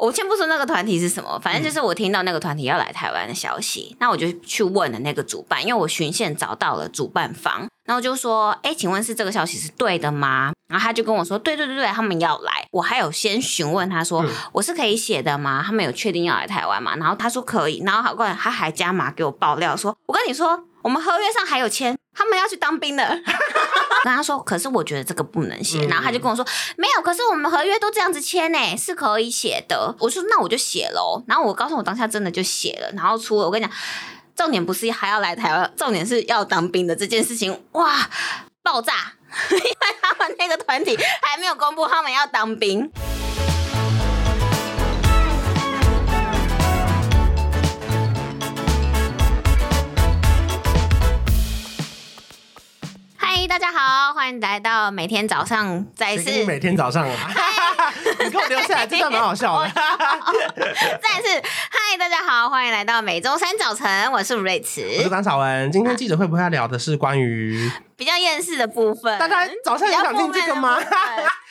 我先不說那個團體是什麼，反正就是我聽到那個團體要來台灣的消息，嗯、那我就去問了那個主辦，因為我循線找到了主辦方，然後就說，哎，請問是這個消息是對的嗎？然後他就跟我說，對對對對，他們要來。我還有先詢問他說，嗯、我是可以寫的嗎？他們有確定要來台灣嗎？然後他說可以，然後好，過來他還加碼給我爆料說，我跟你說。我們合約上還有簽，他們要去當兵的。 跟他說，可是我覺得這個不能寫。嗯、然後他就跟我說，沒有，可是我們合約都這樣子簽呢，是可以寫的。我說那我就寫嘍、喔。然後我告訴我當下真的就寫了，然後出了。我跟你講，重點不是還要來台灣，重點是要當兵的這件事情，哇，爆炸！ 因為他們那個團體還沒有公布他們要當兵。大家好，歡迎來到每天早上再次你每天早上、啊、Hi, 你跟我留下來真的蠻好笑的 我。 再次，嗨， 大家好，歡迎來到每周三早晨，我是睿慈，我是關韶文。啊、今天記者會不會要聊的是關於比較厭世的部分。大家早上有想聽這個嗎？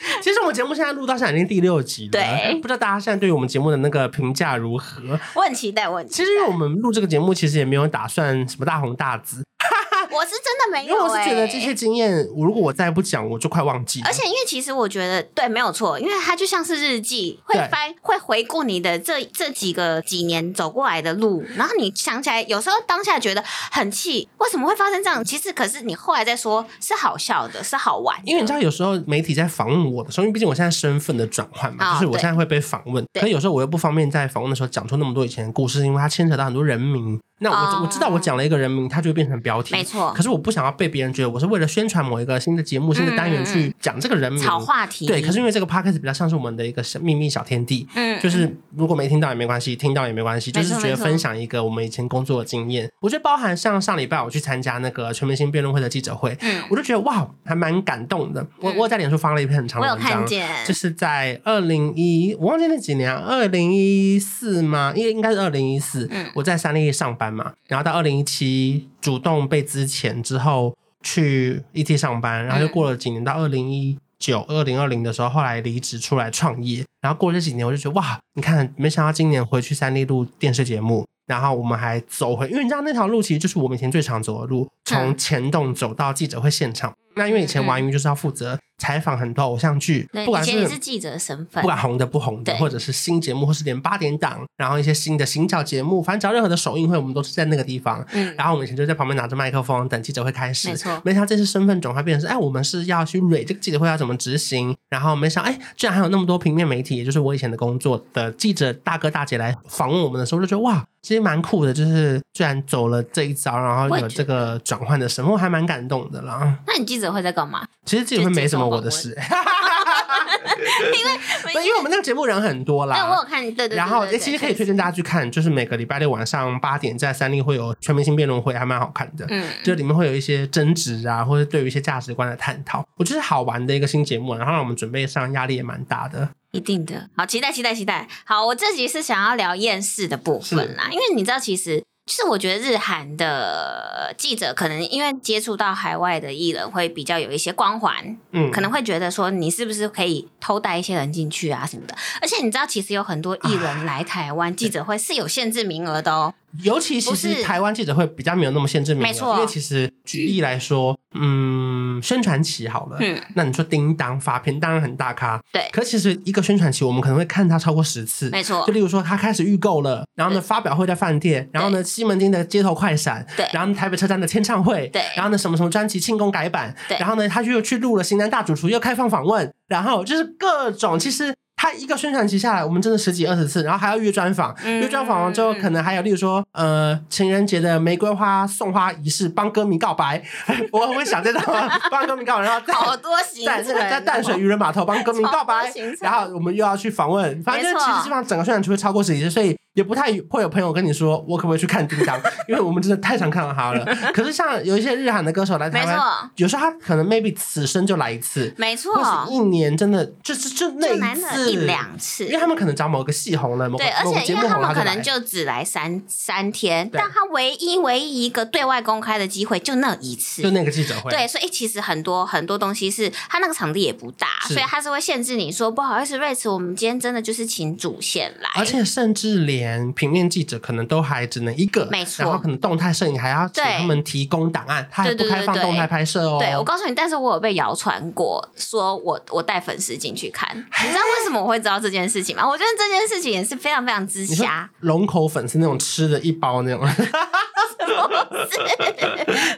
其實我們節目現在錄到現在已經第六集了，對不知道大家現在對於我們節目的那個評價如何？我很期待。問，其實因為我們錄這個節目其實也沒有打算什麼大紅大紫。 我是真的沒有、欸。因為我是覺得這些經驗，如果我再不講，我就快忘記了。而且，因為其實我覺得對，沒有錯，因為它就像是日記，會翻，對會回顧你的這這幾個幾年走過來的路。然後你想起來，有時候當下覺得很氣，為什麼會發生這樣？其實可是你後來再說，是好笑的，是好玩的。因為你知道，有時候媒體在訪問我的時候，因為畢竟我現在身份的轉換嘛，哦、就是我現在會被訪問。對可是有時候我又不方便在訪問的時候講出那麼多以前的故事，因為它牽扯到很多人名。那我我知道我講了一個人名，它、oh, 就會變成標題，沒錯錯。可是我不想要被別人覺得我是為了宣傳某一個新的節目、嗯、新的單元去講這個人名炒話題。對，可是因為這個 podcast 比較像是我們的一個秘密小天地，嗯，就是如果沒聽到也沒關係，聽到也沒關係，就是覺得分享一個我們以前工作的經驗。錯我覺得包含像上禮拜我去參加那個全明星辯論會的記者會，嗯，我就覺得哇，還蠻感動的。我我在臉書發了一篇很長的文章，就是在二零一，我忘記那幾年啊，啊二零一四嗎？應該應該是二零一四，嗯，我在三立上班。嘛，然後到二零一七主動被資遣之後去 ET 上班，然後就過了幾年，到二零一九、二零二零的時候，後來離職出來創業，然後過了這幾年，我就覺得哇，你看，沒想到今年回去三立錄電視節目，然後我們還走回，因為你知道那條路其實就是我以前最常走的路。從前洞走到記者會現場，那因為以前玩魚就是要負責採訪很多偶像劇，嗯、不管是，前是記者的身份，不管紅的不紅的，對或者是新節目，或是連八點檔，然後一些新的行腳節目，反正只要任何的首映會，我們都是在那個地方。嗯，然後我們以前就在旁邊拿着麥克風等記者會開始，沒錯錯。沒想到這次身份轉換變成是，哎，我們是要去蕊這個記者會要怎麼執行，然後沒想到，哎，居然還有那麼多平面媒體，也就是我以前的工作的記者大哥大姐來訪問我們的時候，我就覺得哇，其實蠻酷的，就是居然走了這一招，然後有這個轉。換的什麼，我還蠻感動的啦。那你記者會在幹嘛？其實記者會沒什麼我的事，欸， 因為不因為我們那個節目人很多啦。因我有看，對對，對，對。然後、欸、其實可以推薦大家去看，就是每個禮拜六晚上八點在三立會有全明星辯論會，還蠻好看的。嗯，這裡面會有一些爭執啊，或者對於一些價值觀的探討，我覺得好玩的一個新節目。然後我們準備上壓力也蠻大的，一定的。好，期待期待期待。好，我這集是想要聊厭世的部分啦，是因為你知道其實。就是我覺得日韓的記者可能因為接觸到海外的藝人，會比較有一些光環，嗯，可能會覺得說你是不是可以偷帶一些人進去啊什麼的。而且你知道，其實有很多藝人來台灣記者會是有限制名額的哦。啊尤其其實台灣記者會比較沒有那麼限制沒，沒錯、啊。因為其實舉例來說，嗯，宣傳期好了，嗯，那你說叮當發片當然很大咖，對。可其實一個宣傳期，我們可能會看他超過十次，沒錯錯。就例如說他開始預購了，然後呢發表會在飯店，對然後呢西門町的街頭快閃，對。然後呢台北車站的簽唱會，對。然後呢什麼什麼專輯慶功改版，對。然後呢他就又去錄了《型男大主廚》，又開放訪問，然後就是各種其實、嗯。他一個宣傳期下來，我們真的十幾二十次，然後還要約專訪。約專訪完之後，可能還有，例如說，嗯嗯、呃，情人節的玫瑰花送花儀式，幫歌迷告白。 我會想這種，幫歌迷告白，然後好多行程，在那、這個在淡水漁人碼頭幫歌迷告白，行然後我們又要去訪問。反正其實基本上整個宣傳期超過十幾次。所以也不太會有朋友跟你說，我可不可以去看叮噹，因為我們真的太常看到他了。可是像有一些日韓的歌手來台灣，沒錯，有時候他可能 maybe 此生就來一次，沒錯，一年真的就是就那一次，一兩次，因為他們可能找某個戲紅了，對，而且因為他們可能就只來三三天，但他唯一唯一一個對外公開的機會就那一次，就那個記者會，對，所以其實很多很多東西是他那個場地也不大，所以他是會限制你說，不好意思，睿慈，我們今天真的就是請主線來，而且甚至連。平面記者可能都還只能一個，沒錯。然後可能動態攝影還要請他們提供檔案，他也不開放動態拍攝哦。對，我告訴你，但是我有被謠傳過，說我我帶粉絲進去看。你知道為什麼我會知道這件事情嗎？我覺得這件事情也是非常非常之瞎。龍口粉絲那種吃的一包那種。哈哈哈哈哈。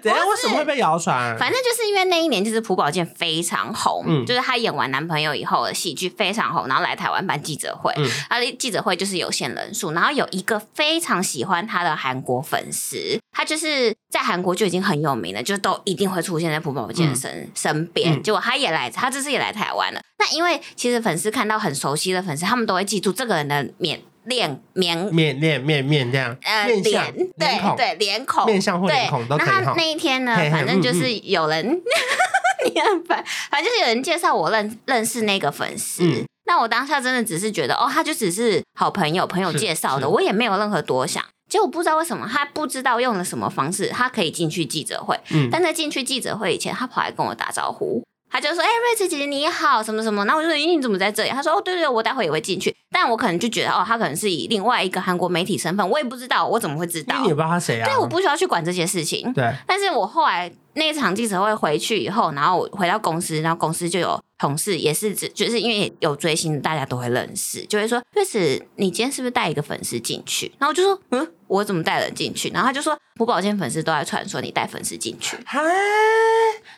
對，為什麼會被謠傳？反正就是因為那一年就是朴寶劍非常紅，就是他演完男朋友以後的戲劇非常紅，然後來台灣辦記者會，嗯，啊記者會就是有限人數。然後有一個非常喜歡他的韓國粉絲，他就是在韓國就已經很有名了，就都一定會出現在朴寶劍身身邊。嗯嗯、結果他也來，他這次也來台灣了。那因為其實粉絲看到很熟悉的粉絲，他們都會記住這個人的面臉面面面面面這樣，呃，臉臉,臉,臉,臉,對對臉孔對臉,臉孔面相對或臉孔都可以。然後那,那一天呢，反正就是有人，哈哈、嗯嗯， 你很煩，反正就是有人介紹我認認識那個粉絲。嗯那我當下真的只是覺得，哦，他就只是好朋友朋友介紹的，我也沒有任何多想。結果不知道為什麼，他不知道用了什麼方式，他可以進去記者會。嗯、但在進去記者會以前，他跑來跟我打招呼，他就說：“哎、欸，睿慈姐姐你好，什麼什麼。”那我就說：“咦，你怎麼在這裡？”他說：“哦，對對，我待會也會進去。”但我可能就覺得，哦，他可能是以另外一個韓國媒體身份，我也不知道我怎麼會知道。因為也不知道他誰啊。對，我不需要去管這些事情。對，但是我後來。那一場記者會回去以後，然後我回到公司，然後公司就有同事也是，就是因為有追星，大家都會認識，就會說：睿慈，你今天是不是帶一個粉絲進去？然後我就說：嗯，我怎麼帶人進去？然後他就說：我保證粉絲都在傳說你帶粉絲進去。哎，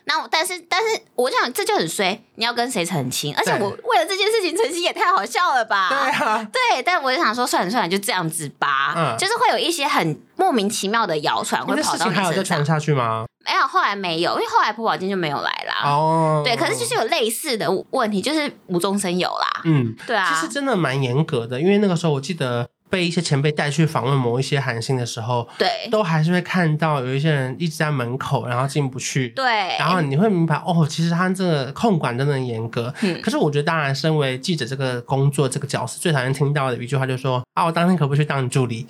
那我哈但是但是我就想這就很衰，你要跟誰澄清？而且我為了這件事情澄清也太好笑了吧？對啊，對，但我就想說，算了算了，就這樣子吧。嗯，就是會有一些很莫名其妙的謠傳會跑到你身上。事情還在傳下去嗎？沒有、欸，後來沒有，因為後來朴寶劍就沒有來啦。哦，oh, 對，可是就是有類似的問題，就是無中生有啦。嗯，對啊，其實真的蠻嚴格的，因為那個時候我記得被一些前輩帶去訪問某一些韓星的時候，對，都還是會看到有一些人一直在門口，然後進不去。對，然後你會明白哦，其實他這個控管真的很嚴格。嗯，可是我覺得，當然，身為記者這個工作這個角色，最討厭聽到的一句話就是說：“啊，我當天可不可以去當你助理。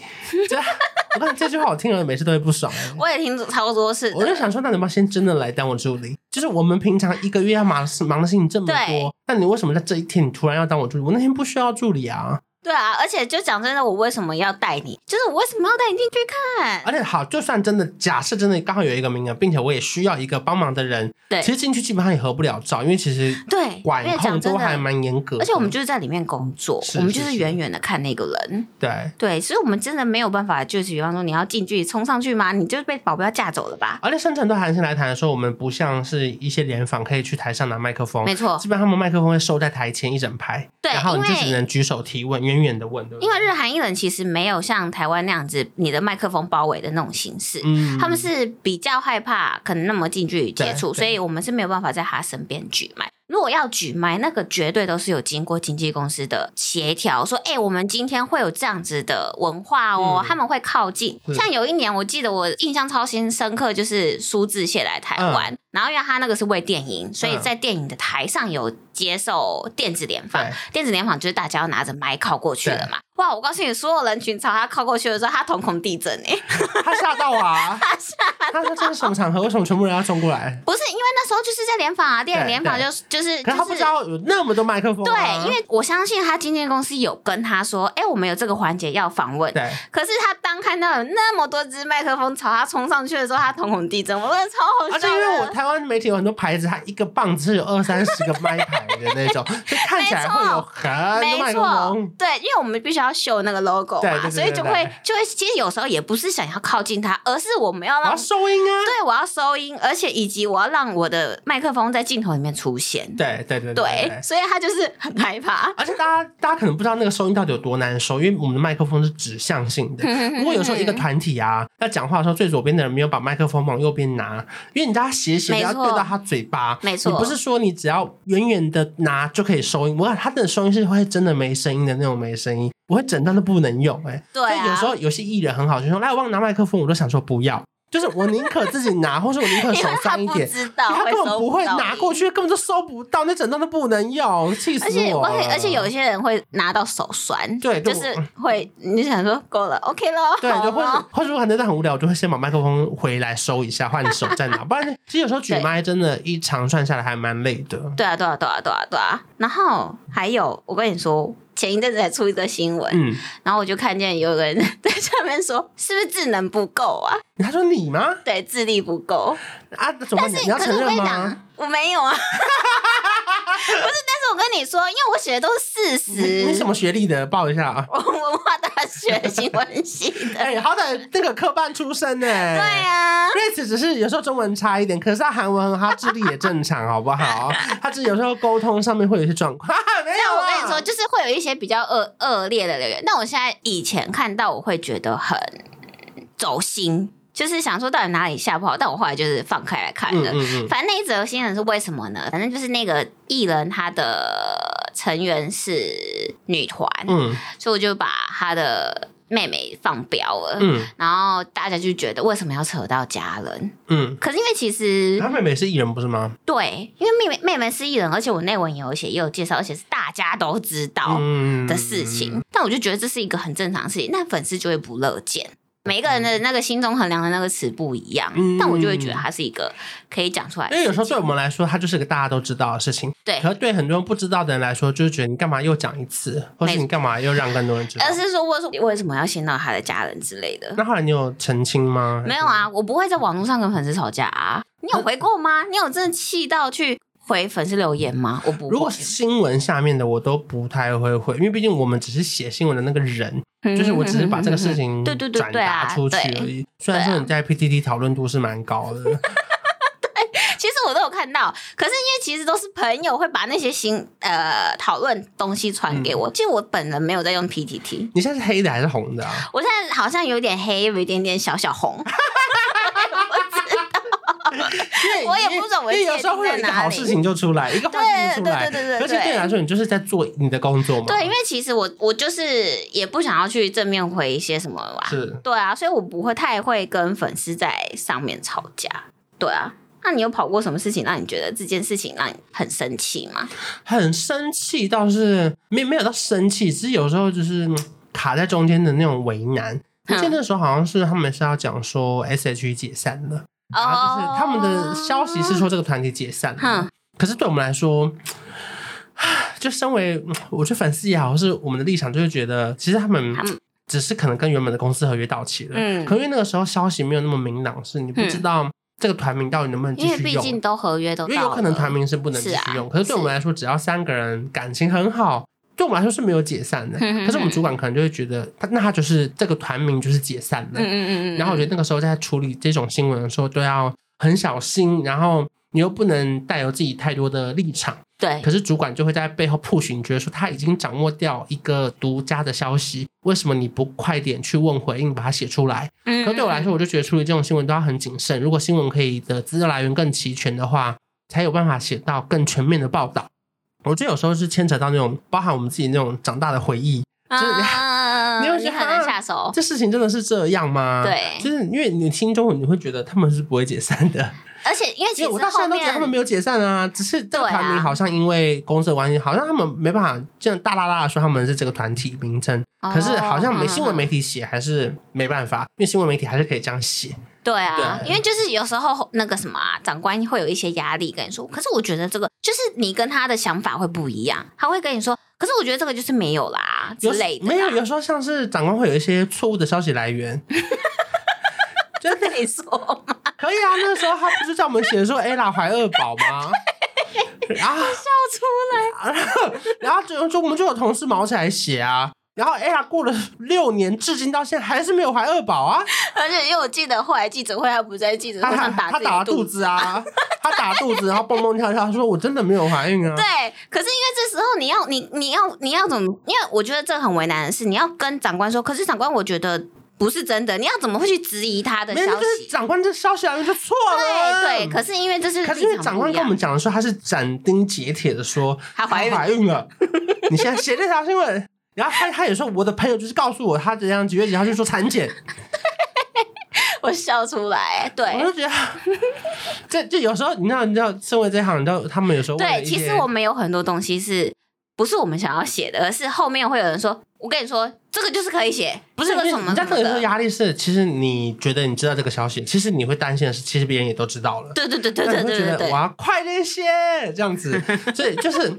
就” 我你這句話我聽了每次都會不爽。我也聽超多次，我就想說，那你不要先真的來當我助理？就是我們平常一個月要忙的事，忙的事情這麼多，那你為什麼在這一天你突然要當我助理？我那天不需要助理啊。對啊，而且就講真的，我為什麼要帶你？就是我為什麼要帶你進去看？而且好，就算真的，假設真的剛好有一個名額，並且我也需要一個幫忙的人。對，其實進去基本上也合不了照，因為其實對管控都還蠻嚴格的。而且我們就是在裡面工作，嗯、我們就是遠遠的看那個人。是是是對對，所以我們真的沒有辦法，就是比方說你要近距離衝上去嗎？你就被保鏢架走了吧。而且，甚至很多韓星來談的時候，我們不像是一些聯訪可以去台上拿麥克風，沒錯，基本上他們麥克風會收在台前一整排，對，然後你就只能舉手提問，因為。遠遠的問，因為日韓藝人其實沒有像台灣那樣子，你的麥克風包圍的那種形式，嗯、他們是比較害怕可能那麼近距離接觸，所以我們是沒有辦法在他身邊舉麥。如果要舉麥，那個絕對都是有經過經紀公司的協調，說，哎、欸，我們今天會有這樣子的文化哦、喔，嗯、他們會靠近。像有一年，我記得我印象超新深刻，就是蘇志燮來台灣。嗯然後因為他那個是為電影，所以在電影的台上有接受電子聯訪，嗯、電子聯訪就是大家要拿着麥靠過去的嘛。對哇！我告訴你，所有人群朝他靠過去的時候，他瞳孔地震哎、欸，他嚇到啊！他嚇到啊他說這是什麼場合？哦、為什麼全部人要衝過來？不是因為那時候就是在聯訪啊，電影聯訪就就是，就是、可是他不知道有那麼多麥克風、啊。對，因為我相信他經紀公司有跟他說，哎，我們有這個環節要訪問。對可是他當看到有那麼多支麥克風朝他衝上去的時候，他瞳孔地震，我覺得超好笑。啊台灣媒體有很多牌子，它一個棒子有二三十個麥牌的那種，就 錯看起來會有很多麥克風，沒錯，對，因為我們必須要秀那個 logo 嘛，所以就會就會。其實有時候也不是想要靠近它，而是我們要讓我要收音啊，對我要收音，而且以及我要讓我的麥克風在鏡頭裡面出現。對對對對，對所以他就是很害怕。而且大家大家可能不知道那個收音到底有多難收，因為我們的麥克風是指向性的。如果有時候一個團體啊他講 話的時候，最左邊的人沒有把麥克風往右邊拿，因為你大家斜斜。你要對到他嘴巴，沒錯錯，你不是說你只要遠遠的拿就可以收音，哇錯，我覺得他的收音是會真的沒聲音的那種，沒聲音，我會整段都不能用欸，對啊，有時候有些藝人很好，就說，來，我幫你拿麥克風，我都想說不要。就是我寧可自己拿，或是我寧可手酸一點，因為他不知道，因為他根本不會拿過去，根本就收不到，那整張都不能用，氣死我了！而且而且有些人會拿到手酸，對，就是會你想說夠了，OK 了，okay 咯，對，就會、嗯、或者我覺得很無聊，我就會先把麥克風回來收一下，換手再拿， 不然其實有時候舉麥真的，一長串下來還蠻累的。對啊，對啊，對啊，對啊，對啊！然後還有，我跟你說。前一陣子才出一個新聞，嗯、然後我就看見有個人在下面說：“是不是智能不夠啊？”他說：“你嗎？”對，智力不夠啊？怎麼但是你要承認嗎？我，我沒有啊！ 不是，但是我跟你說，因為我寫的都是事實。你什麼學歷的？報一下啊！我文化大學新聞系的。哎、 欸，好歹那個科班出身哎、欸。對啊，睿慈只是有時候中文差一點，可是他韓文和他智力也正常，好不好？他 只是有時候溝通上面會有一些狀況。那我跟你說，就是會有一些比較惡惡劣的留言。那我現在以前看到，我會覺得很走心，就是想說到底哪裡下不好。但我後來就是放開來看的。嗯嗯嗯，反正那一則新聞是為什麼呢？反正就是那個藝人他的成員是女團，嗯，所以我就把他的。妹妹放彪了，嗯，然後大家就覺得為什麼要扯到家人，嗯，可是因為其實她妹妹是藝人不是嗎？對，因為妹妹妹妹是藝人，而且我內文也有寫，也有介紹，而且是大家都知道的事情，嗯，但我就覺得這是一個很正常的事情，那粉絲就會不樂見。每個人的那個心中衡量的那個詞不一樣，嗯、但我就會覺得它是一個可以講出來。因為有時候對我們來說，它就是個大家都知道的事情。對，可是對很多人不知道的人來說，就是覺得你干嘛又講一次，沒 或是你幹嘛又讓更多人知道？而是說，我說你為什麼要先到他的家人之類的？那後來你有澄清嗎？沒有啊，我不會在網絡上跟粉絲吵架啊。 你有回過嗎？你有真的氣到去？回粉絲留言嗎？我不會。如果是新聞下面的我都不太會回，因為畢竟我們只是寫新聞的那個人， 就是我只是把這個事情對對對轉達出去而已。 啊、雖然說你在 PTT 討論度是蠻高的， 對，其實我都有看到。可是因為其實都是朋友會把那些新呃討論東西傳給我，嗯、其實我本人沒有在用 PTT。你現在是黑的還是紅的、啊？我現在好像有點黑，有一點點小小紅。 我知道。 我也不懂我，因為有時候會有一個好事情就出來，一個壞事情出來，而且對你來說，你就是在做你的工作嘛。對，因為其實我我就是也不想要去正面回一些什麼吧、啊，是，對啊，所以我不會太會跟粉絲在上面吵架。對啊，那你有跑過什麼事情讓你覺得這件事情讓你很生氣嗎？很生氣倒是沒有沒有到生氣，只是有時候就是卡在中間的那種為難。我記得那時候好像是他們是要講說 S H E 解散了。啊，就是他們的消息是說這個團體解散了，嗯、可是對我們來說，就身為我覺得粉絲也好，或是我們的立場就是覺得，其實他們只是可能跟原本的公司合約到期了，嗯、可因為那個時候消息沒有那麼明朗，是你不知道這個團名到底能不能繼續用，因為畢竟都合約都因為有可能團名是不能繼續用，是啊、可是對我們來說，是只要三個人感情很好。對我來說是沒有解散的，可是我們主管可能就會覺得他，那他就是這個團名就是解散了。嗯嗯嗯然後我覺得那個時候在處理這種新聞的時候都要很小心，然後你又不能帶有自己太多的立場。對。可是主管就會在背後 push，覺得說他已經掌握掉一個獨家的消息，為什麼你不快點去問回應，把它寫出來？可是對我來說，我就覺得處理這種新聞都要很謹慎。如果新聞可以的資料來源更齊全的話，才有辦法寫到更全面的報道。我覺得有時候是牽扯到那種包含我們自己那種長大的回憶，就是你會、啊、你很難下手。這事情真的是這樣嗎？對，就是因為你心中你會覺得他們是不會解散的，而且因為其實後面，因為我到現在都覺得他們沒有解散啊，只是這個團體好像因為公社關係，啊、好像他們沒辦法這樣大剌剌的說他們是這個團體名稱，哦、可是好像沒新聞媒體寫還是沒辦法，嗯、因為新聞媒體還是可以這樣寫。對啊，對因為就是有時候那個什麼啊，長官會有一些壓力跟你說，可是我覺得這個就是你跟他的想法會不一樣，他會跟你說，可是我覺得這個就是沒有啦，有之類的。沒有，有時候像是長官會有一些錯誤的消息來源， 就跟那你說嘛。可以啊，那個時候他不是在我們寫說哎，艾拉懷、 欸、二寶嗎？然後笑出來。然後然後就，就我們就有同事毛起來寫啊。然後，哎呀，過了六年，至今到現在還是沒有懷二寶啊！而且，因為我記得後來記者會，他不在記者會上打他打肚子啊，他打肚子，然後蹦蹦跳跳他說：“我真的沒有懷孕啊！”對，可是因為這時候你要你你，你要你要怎麼？因為我覺得這很為難的是，你要跟長官說，可是長官我覺得不是真的，你要怎麼會去質疑他的消息？是長官這消息來源就錯了、啊對。對對，可是因為這是可是因為長官跟我們講的時候，他是斬釘截鐵的說：“他懷孕了。你” 你現在寫這條新聞。然後他他也說，我的朋友就是告訴我，他怎樣幾月幾號去做產檢，我笑出來。對我就覺得，這就有時候，你知道，你知道，身為這行，你知道他們有時候對，其實我們有很多東西是不是我們想要寫的，而是後面會有人說，我跟你說，這個就是可以寫，不是什麼。再跟你說，壓力是，其實你覺得你知道這個消息，其實你會擔心的是，其實別人也都知道了。對對對對對對對，我要快點寫，這樣子，所以就是。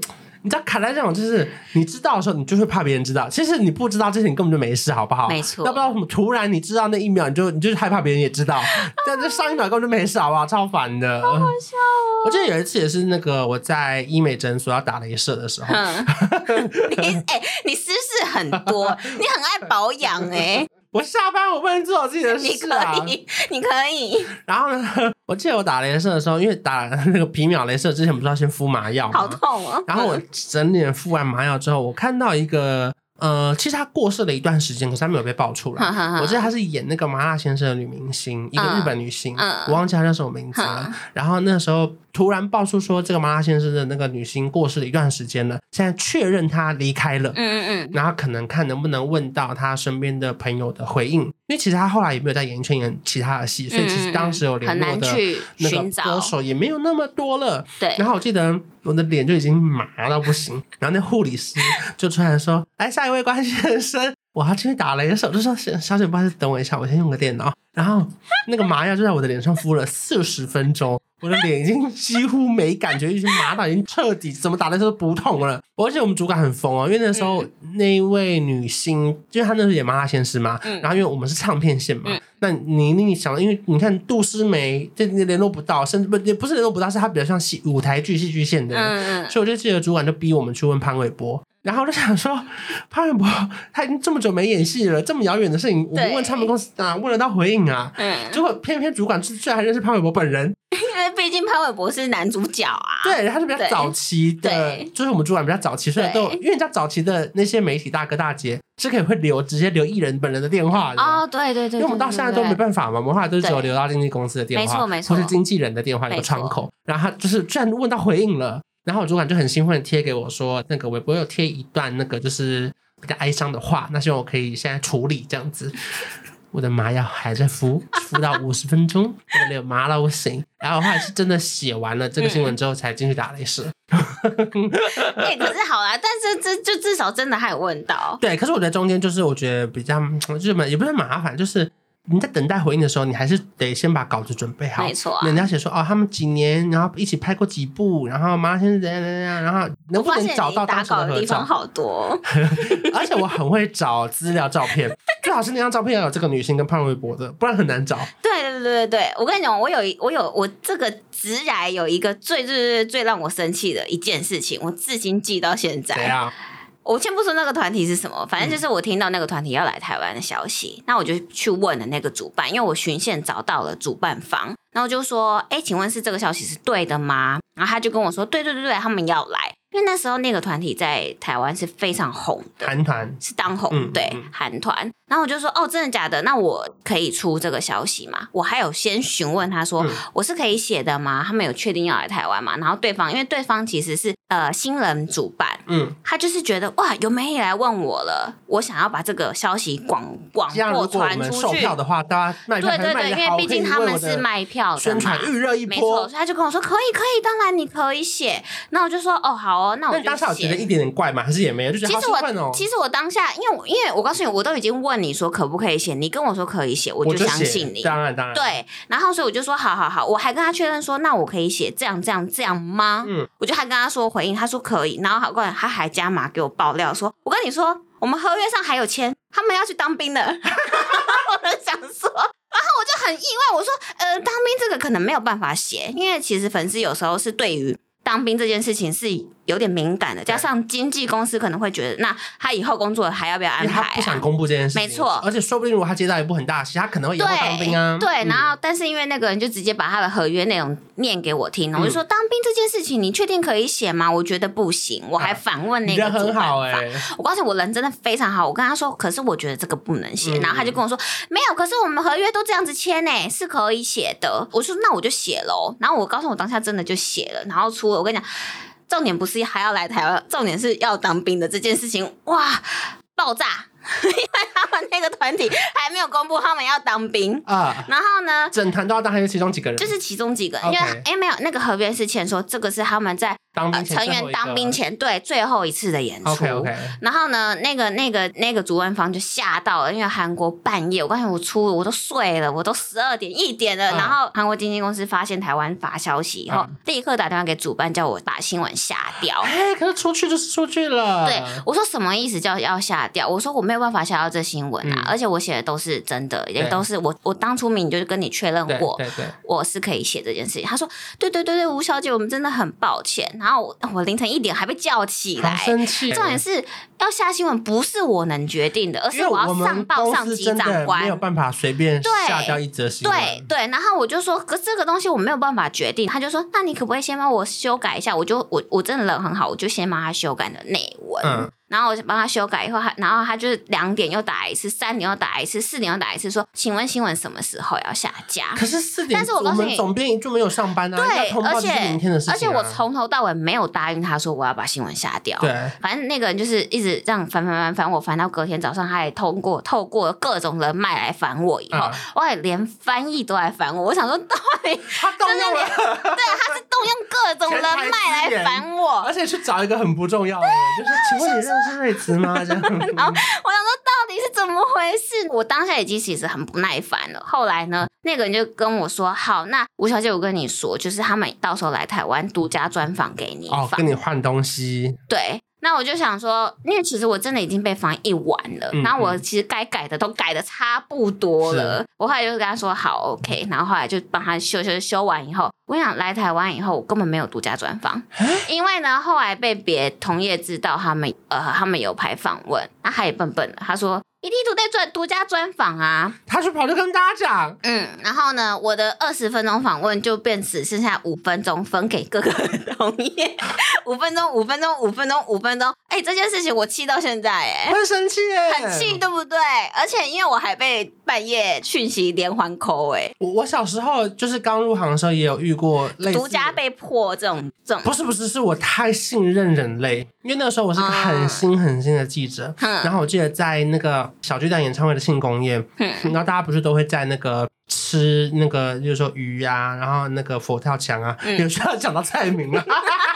你知道，卡在這種就是你知道的時候，你就會怕別人知道。其實你不知道這些，你根本就沒事，好不好？沒錯錯。要不然什麼？突然你知道那一秒你，你就你就是害怕別人也知道。但是上一秒根本就沒事好不好？哎、超煩的。好笑哦！我記得有一次也是那個我在醫美診所要打雷射的時候，嗯、 你哎、欸，你私事很多， 你很愛保養哎、欸。我下班我不能做好自己的事，啊。你可以，你可以。然後呢？我記得我打雷射的時候，因為打那個皮秒雷射之前，不是要先敷麻藥，好痛啊，然後我整臉敷完麻藥之後，我看到一個 呃，其實他過世了一段時間，可是他沒有被爆出來。 我記得他是演那個麻辣先生的女明星， 一個日本女星， 我忘記她叫什麼名字了。 然後那時候。突然爆出說，這個麻辣先生的那個女星過世了一段時間了，現在確認她離開了。嗯嗯嗯，然後可能看能不能問到她身邊的朋友的回應，因為其實她後來也沒有在演藝圈演其他的戲，所以其實當時有聯絡的那個歌手也沒有那麼多了。嗯嗯對，然後我記得我的臉就已經麻到不行，然後那護理師就出來說：“ 來，下一位，關先生。”我還真打了一個手，就說小姐不好意思，等我一下，我先用個電腦。然後那個麻藥就在我的臉上敷了四十分鐘，我的臉已經幾乎沒感覺，已經麻到已經徹底，怎麼打的時候都不痛了。而且我們主管很瘋哦，因為那時候、嗯、那位女星，因為她那時候也麻辣鮮師嘛，嗯、然後因為我們是唱片線嘛，那、嗯嗯、你你想，因為你看杜詩梅這聯絡不到，甚至不也不是聯絡不到，是她比較像戲舞台劇戲劇線的人，嗯嗯所以我就記得主管就逼我們去問潘瑋柏。然後我就想說，潘瑋柏他已經這麼久沒演戲了，這麼遙遠的事情，我問他們公司啊，問得到回應啊？結果偏偏主管居然還認識潘瑋柏本人，因為畢竟潘瑋柏是男主角啊。對，他是比較早期的，就是我們主管比較早期，所以都因為人家早期的那些媒體大哥大姐是可以會留直接留藝人本人的電話。哦，對對對，因為我們到現在都沒辦法嘛，我們後來都是只有留到經紀公司的電話，沒錯沒錯，或是經紀人的電話一個窗口。然後他就是居然問到回應了。然後，我主管就很興奮貼給我說，那個微博有貼一段那個就是比較哀傷的話，那希望我可以現在處理這樣子。我的麻藥還在敷，敷到五十分鐘，的 臉麻了不行。然後我後來是真的寫完了這個新聞之後才進去打雷射。哎、嗯 欸，可是好啦，但是這就至少真的還有問到。對，可是我在中間就是我覺得比較就是也不是麻煩，就是。你在等待回應的時候，你還是得先把稿子準備好。沒錯、啊。人家寫說哦，他們幾年，然後一起拍過幾部，然後嘛，先怎樣怎樣，然後能不能找到打稿的地方？好多。 而且我很會找資料照片， 最好是那張照片要有這個女星跟潘瑋柏的，不然很難找。對對對對，我跟你講，我有一我有我這個職涯有一個最最最、就是、最讓我生氣的一件事情，我至今記到現在。啊。我先不說那個團體是什麼，反正就是我聽到那個團體要來台灣的消息，嗯、那我就去問了那個主辦，因為我巡線找到了主辦方，然後就說：“誒，請問是這個消息是對的嗎？”然後他就跟我說：“對對對對，他們要來。”因為那時候那個團體在台灣是非常紅的韓團，是當紅，對，韓團。嗯、然後我就說：“哦，真的假的？那我可以出這個消息嗎？”我還有先詢問他說：“嗯、我是可以寫的嗎？他們有確定要來台灣嗎？”然後對方因為對方其實是。呃，新人主辦，嗯，他就是覺得哇，有媒體來問我了，我想要把這個消息廣廣播傳出去。如果我們售票的話，大家對對對，因為畢竟他們是賣票的，宣傳預熱一波，沒錯。所以他就跟我說，可以可以，當然你可以寫。那我就說，哦好哦，那我就寫。但當時我覺得一點點怪嘛，還是也沒有，就、哦、其實我其實我當下，因為我因為我告訴你，我都已經問你說可不可以寫，你跟我說可以寫，我就相信你，當然當然，當然對。然後所以我就說，好好好，我還跟他確認說，那我可以寫這樣這樣這樣嗎？嗯，我就還跟他說。回應他說可以，然後好過來，他還加碼給我爆料說：“我跟你說，我們合約上還有簽，他們要去當兵的。 ”我都想說，然後我就很意外，我說：“呃，當兵這個可能沒有辦法寫，因為其實粉絲有時候是對於。”當兵這件事情是有點敏感的，加上經紀公司可能會覺得，那他以後工作還要不要安排？啊，他不想公布這件事，沒錯錯。而且說不定如果他接到一部很大戲，他可能會以後當兵啊。對，嗯、對，然後但是因為那個人就直接把他的合約內容念給我聽，我就說，嗯、當兵這件事情你確定可以寫嗎？我覺得不行，嗯、我還反問那個主辦方，啊、你很好哎、欸。我告訴你我人真的非常好，我跟他說，可是我覺得這個不能寫。然後他就跟我說、嗯、沒有，可是我們合約都這樣子簽呢，是可以寫的。我說那我就寫嘍、喔。然後我告訴我當下真的就寫了，然後出。我跟你講，重點不是還要來台灣，重點是要當兵的這件事情，哇，爆炸！ 因為他們那個團體還沒有公布他們要當兵啊，uh, 然後呢，整團都要當還有其中幾個人？就是其中幾個人，Okay. 因為哎、欸、沒有，那個合約之前說這個是他們在。當呃、成員當兵前，對，最後一次的演出。Okay, okay. 然後呢，那個那個那個主辦方就嚇到了，因為韓國半夜，我剛才我出了，我都睡了，我都十二點一點了。嗯、然後韓國經紀公司發現台灣發消息以後，嗯、立刻打電話給主辦，叫我把新聞下掉。哎，可是出去就是出去了。對，我說什麼意思？叫要下掉？我說我沒有辦法下掉這新聞啊，嗯、而且我寫的都是真的，也都是我對我當初明明就是跟你確認過，對對，我是可以寫這件事情。他說，對對對對，吳小姐，我們真的很抱歉。然後我，我凌晨一點還被叫起來，很生氣。重點是要下新聞不是我能決定的，因為 而是我要上報上級長官，我沒有辦法隨便下掉一則新聞。對對，然後我就說，可是這個東西我沒有辦法決定，他就說，那你可不可以先幫我修改一下？我就我我真的人很好，我就先幫他修改了內文。嗯然後我就幫他修改以後，然後他就是兩點又打一次，三點又打一次，四點又打一次說，說請問新聞什麼時候要下架？可是四點，但是我告訴你，總編就沒有上班啊。對就是啊，而，而且明天的事情，而且我從頭到尾沒有答應他說我要把新聞下掉。對，反正那個人就是一直這樣煩煩煩煩我，煩到隔天早上，他還通過透過各種人脈來煩我，以後、嗯、我還連翻譯都來煩我。我想說，到底他動用 對他是動用。還買來煩我，我而且去找一個很不重要的人。 對就是請問你認識睿慈嗎？ 然後我想說到底是怎麼回事？我當下已經其實很不耐煩了。後來呢，那個人就跟我說：“好，那吳小姐，我跟你說，就是他們到時候來台灣獨家專訪給你、哦，跟你換東西。”對。那我就想說，因為其實我真的已經被防一完了，然後、嗯嗯、我其實該改的都改的差不多了，是啊、我後來就跟他說好 OK，然後後來就幫他修修修完以後，我想來台灣以後我根本沒有獨家專訪，因為呢後來被別同業知道他們呃他們有排訪問，那他也笨笨的他說。一定都在做獨家專訪啊！他就跑去跟大家講，嗯，然後呢，我的二十分鐘訪問就變只剩下五分鐘，分給各個同業五 分鐘，五分鐘，五分鐘，五分鐘。哎、欸，這件事情我氣到現在，欸，哎、欸，很生氣，哎，很氣，對不對？而且因為我還被半夜訊息連環 call，哎，我我小時候就是剛入行的時候也有遇過類，獨家被破這種這種，這種不是不是，是我太信任人類，因為那個時候我是個很新很新的記者，啊、然後我記得在那個小巨蛋演唱會的慶功宴，嗯、然後大家不是都會在那個吃那個，就是說魚啊，然後那個佛跳牆啊，有、嗯、需要講到菜名嗎？啊？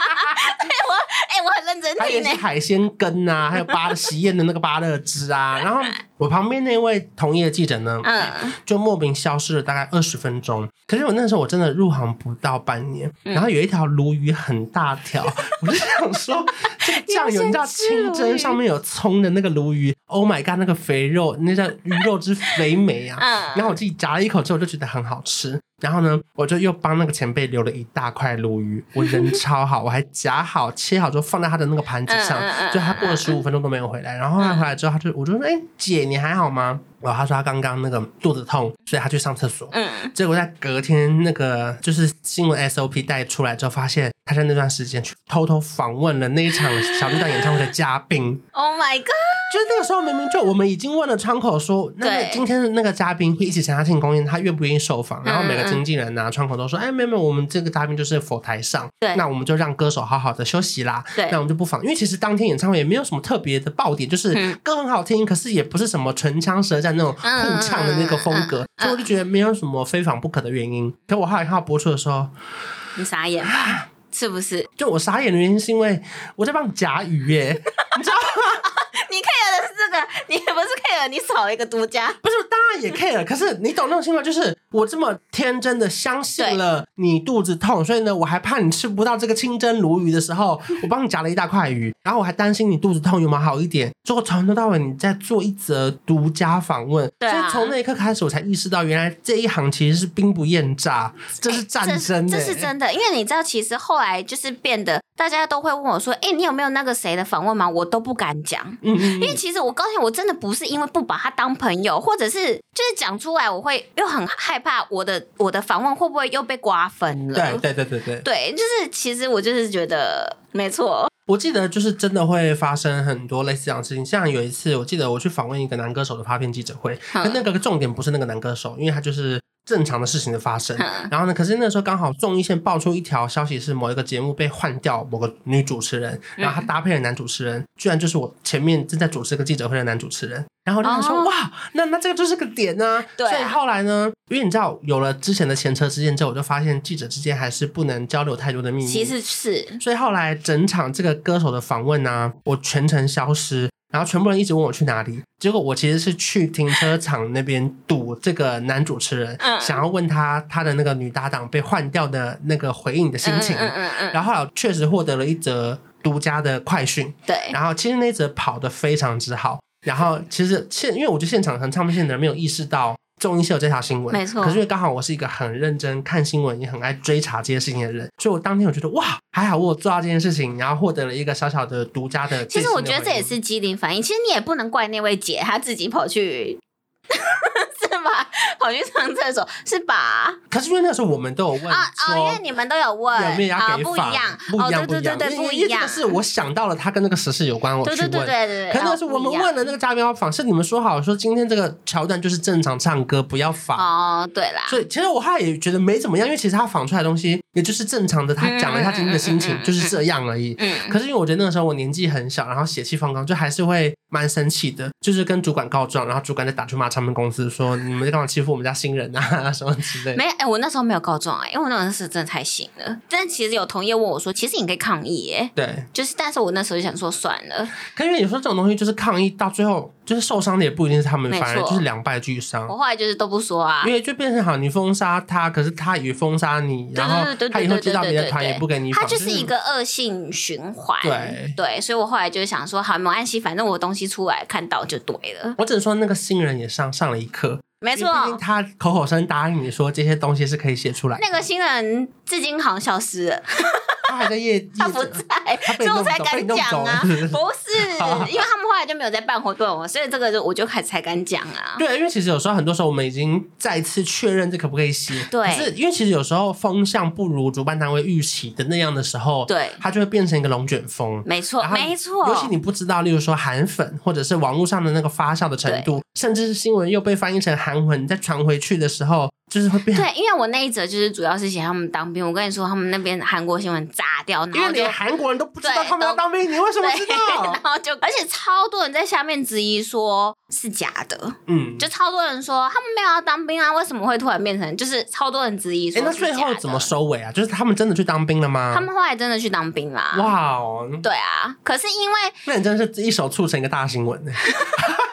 欸、還有一些海鮮羹啊， 還有巴的喜宴的那個芭樂汁啊， 然後。我旁邊那位同業的記者呢，uh, 就莫名消失了大概二十分鐘。可是我那時候我真的入行不到半年，嗯、然後有一條鱸魚很大條， 我就想說，就這醬油你知道清蒸上面有蔥的那個鱸魚，Oh my God，那個肥肉，那叫魚肉之肥美啊。Uh, 然後我自己夾了一口之後，我就覺得很好吃。然後呢，我就又幫那個前輩留了一大塊鱸魚，我人超好， 我還夾好切好之後放在他的那個盤子上，uh, uh, uh, uh, uh, 就他過了十五分鐘都沒有回來。Uh, uh, uh, uh, uh, 然後他回來之後，他就我就說，哎、欸、姐。你還好嗎？哦，他說他剛剛那個肚子痛，所以他去上廁所。嗯，結果在隔天那個就是新聞 SOP 帶出來之後，發現他在那段時間去偷偷訪問了那一場小巨蛋演唱會的嘉賓。 Oh my God！就是那個時候，明明就我們已經問了窗口說，那個今天的那個嘉賓會一起參加慶功宴，他願不願意受訪？然後每個經紀人啊，窗口都說：“哎，沒有，沒有，我們這個嘉賓就是舞台上，對，那我們就讓歌手好好的休息啦。對，那我們就不訪，因為其實當天演唱會也沒有什麼特別的爆點，就是歌很好聽，可是也不是什麼唇槍舌戰那種互嗆的那個風格，所以我就覺得沒有什麼非訪不可的原因。可我後來看到播出的時候，你傻眼是不是？就我傻眼的原因是因為我在幫你夾魚耶。你知道嗎？你也不是 K 了，你少了一個獨家，不是，當然也 K 了， 可是你懂那種情況，就是我這麼天真的相信了你肚子痛，對所以呢，我還怕你吃不到這個清蒸鱸魚的時候，我幫你夾了一大塊魚， 然後我還擔心你肚子痛有沒有好一點。最後從頭到尾你在做一則獨家訪問，對啊、所以從那一刻開始，我才意識到原來這一行其實是兵不厭詐，這是戰爭、欸欸這是，這是真的。因為你知道，其實後來就是變得。大家都會問我說：“哎、欸，你有沒有那個誰的訪問嗎？”我都不敢講，嗯， 因為其實我告訴你，我真的不是因為不把他當朋友，或者是就是講出來，我會又很害怕我的我的訪問會不會又被瓜分了？對對對對對，就是其實我就是覺得沒錯。我記得就是真的會發生很多類似這樣的事情，像有一次，我記得我去訪問一個男歌手的發片記者會，那個重點不是那個男歌手，因為他就是。正常的事情的發生，嗯、然後呢，可是那時候剛好綜藝線爆出一條消息，是某一個節目被換掉，某個女主持人，然後她搭配的男主持人，嗯、居然就是我前面正在主持這個記者會的男主持人，然後就想說：“哦、哇，那那這個就是個點呢、啊。對啊”所以後來呢，因為你知道有了之前的前車之鑑之後，我就發現記者之間還是不能交流太多的秘密。其實是，所以後來整場這個歌手的訪問呢、啊，我全程消失。然後全部人一直問我去哪裡，結果我其實是去停車場那邊堵這個男主持人，嗯、想要問他他的那個女搭檔被換掉的那個回應的心情。嗯嗯嗯嗯、然後，後來確實獲得了一則獨家的快訊。對，然後其實那則跑得非常之好。然後其實現因為我覺得現場很聰明的人沒有意識到。總之是有這條新聞，沒錯。可是因為剛好我是一個很認真看新聞，也很愛追查這些事情的人，所以我當天我覺得哇，還好我有做到這件事情，然後獲得了一個小小的獨家的，的。其實我覺得這也是機靈反應。其實你也不能怪那位姐，她自己跑去。 是吧？跑去上廁所是吧？可是因為那個時候我們都有問啊哦、啊，因為你們都有問要沒有要給。不一樣，不一樣，不一樣，不一樣。是，我想到了，他跟那個時事有關，我去問。對對對對，對可是那時候我們問了那個嘉賓要訪，是你們說好說今天這個橋段就是正常唱歌，不要訪。哦，對啦。所以其實我後來也覺得沒怎麼樣，因為其實他訪出來的東西也就是正常的，他講了他今天的心情就是這樣而已。嗯。嗯嗯嗯，可是因為我覺得那個時候我年紀很小，然後血氣方剛，就還是會蠻生氣的，就是跟主管告狀，然後主管在打出罵場。他們公司說，你們在幹嘛欺負我們家新人啊什麼之類的？沒有、欸、我那時候沒有告狀哎、欸，因為我那時候是真的太行了。但其實有同業問我說，其實你可以抗議、欸。對，就是但是我那時候就想說算了。可是你說這種東西就是抗議到最後。就是受傷的也不一定是他們，反而就是兩敗俱傷。我後來就是都不說啊，因為就變成好，你封殺他，可是他也封殺你，然後他以後接到別的團也不給你，他就是一個惡性循環。對對，所以我後來就想說，好，沒關係，反正我東西出來看到就對了。我只能說那個新人也上上了一課。沒錯，因為他口口聲答應你說這些東西是可以寫出來。那個新人至今好像消失了，他還在業，他不在，所以我才敢講啊！不是，因為他們後來就沒有在辦活動了，所以這個我就還才敢講啊。對，因為其實有時候很多時候我們已經再次確認這可不可以寫，可是因為其實有時候風向不如主辦單位預期的那樣的時候，對，它就會變成一個龍捲風。沒錯，沒錯，尤其你不知道，例如說韓粉，或者是網絡上的那個發酵的程度，甚至是新聞又被翻譯成韓。韓文再傳回去的時候，就是會變。對，因為我那一則就是主要是寫他們當兵。我跟你說，他們那邊韓國新聞炸掉，然後因為你連韓國人都不知道他們要當兵，對你為什麼對知道？然後就，而且超多人在下面質疑，說是假的。嗯，就超多人說他們沒有要當兵啊，為什麼會突然變成？就是超多人質疑說，說、欸、那最後怎麼收尾啊？就是他們真的去當兵了嗎？他們後來真的去當兵啦、啊！哇，Wow, 對啊，可是因為……那你真的是一手促成一個大新聞呢、欸。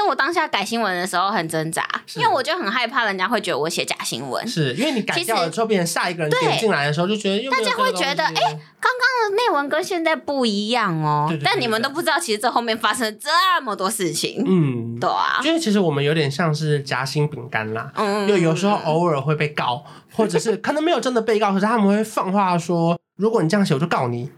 因為我當下改新聞的時候很掙扎，是因為我就很害怕人家會覺得我寫假新聞。是因為你改掉了之後，變實成下一個人點進來的時候對就覺得，大家會覺得，哎、欸，剛剛的內文跟現在不一樣哦、喔。對對對對，但你們都不知道，其實這後面發生了這麼多事情。嗯，對啊，因為其實我們有點像是夾心餅乾啦，嗯、因為有時候偶爾會被告，或者是可能沒有真的被告，可是他們會放話說。如果你這樣寫，我就告你。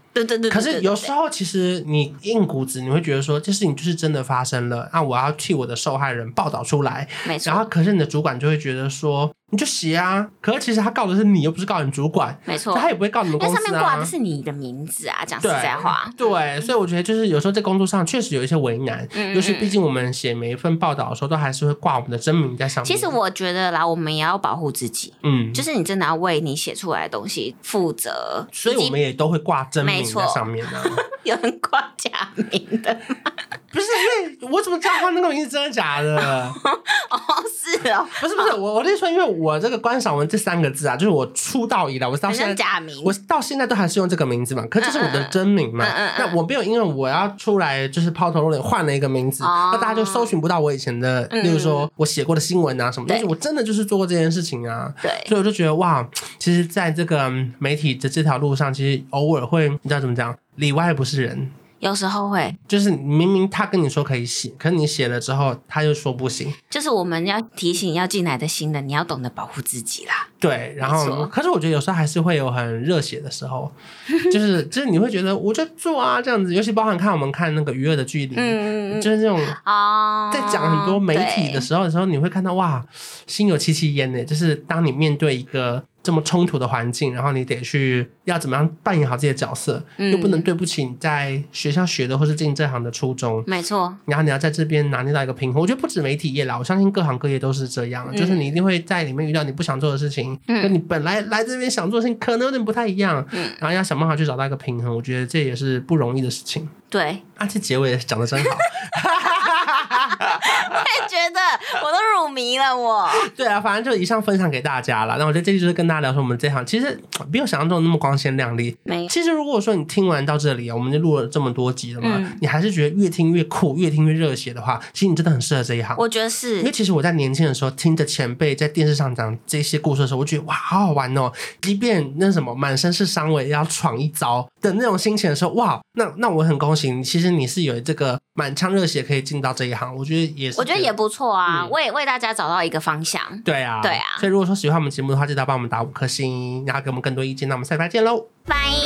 可是有時候，其實你硬骨子，你會覺得說，這事情就是真的發生了，啊，那我要替我的受害人報道出來。然後，可是你的主管就會覺得說。你就寫啊，可是其實他告的是你，又不是告你主管。沒錯，他也不會告你們公司啊，因為上面掛的是你的名字啊，講實在話。對，對，所以我覺得就是有時候在工作上確實有一些為難，尤其畢竟我們寫每一份報道的時候，都還是會掛我們的真名在上面。其實我覺得啦，我們也要保護自己，嗯，就是你真的要為你寫出來的東西負責，所以我們也都會掛真名在上面的啊，有人掛假名的嗎？不是，因為我怎麼知道他那個名字， 真的假的？哦， oh, 是啊，不是不是，我我跟你說，因為我這個“關韶文”這三個字啊，就是我出道以來，我到現在假名、我到現在都還是用這個名字嘛。可是這是我的真名嘛？嗯嗯嗯嗯、那我沒有因為我要出來就是拋頭露臉換了一個名字，嗯、那大家就搜尋不到我以前的，例如說我寫過的新聞啊什麼，東西、嗯，但是我真的就是做過這件事情啊。對，所以我就覺得哇，其實在這個媒體的這條路上，其實偶爾會，你知道怎麼講，裡外不是人。有時候會，就是明明他跟你說可以寫，可是你寫了之後他又說不行，就是我們要提醒要進來的新人，你要懂得保護自己啦。對，然後，錯可是我覺得有時候還是會有很熱血的時候，就是 就是你會覺得我就做啊這樣子，尤其包含看我們看那個《與惡的距離》嗯，就是這種啊，哦、在講很多媒體的時候對的時候，你會看到哇，心有戚戚焉呢，就是當你面對一個。這麼衝突的環境，然後你得去要怎麼樣扮演好自己的角色，嗯、又不能對不起你在學校學的或是進這行的初衷。沒錯錯，然後你要在這邊拿捏到一個平衡。我覺得不止媒體業啦，我相信各行各業都是這樣，嗯、就是你一定會在裡面遇到你不想做的事情，嗯、跟你本來來這邊想做的事情可能有點不太一樣，嗯、然後要想辦法去找到一個平衡。我覺得這也是不容易的事情。對，而且結尾講的真好。 覺得 我都入迷了我，我對啊，反正就以上分享給大家了。那我覺得這就是跟大家聊說，我們這行其實沒有想象中那麼光鮮亮麗。沒有其實如果說你聽完到這裡啊，我們就錄了這麼多集了嘛，嗯、你還是覺得越聽越酷，越聽越熱血的話，其實你真的很適合這一行。我覺得是，因為其實我在年輕的時候聽着前輩在電視上講這些故事的時候，我覺得哇，好好玩哦。即便那什麼滿身是傷我也要闖一遭的那種心情的時候，哇，那那我很恭喜你。其實你是有這個滿腔熱血可以進到這一行，我覺得也是。也不錯啊，嗯、為為大家找到一個方向。對啊，對啊。所以如果說喜歡我們節目的話，記得幫我們打五顆星，然後給我們更多意見。那我們下次再見嘍，拜。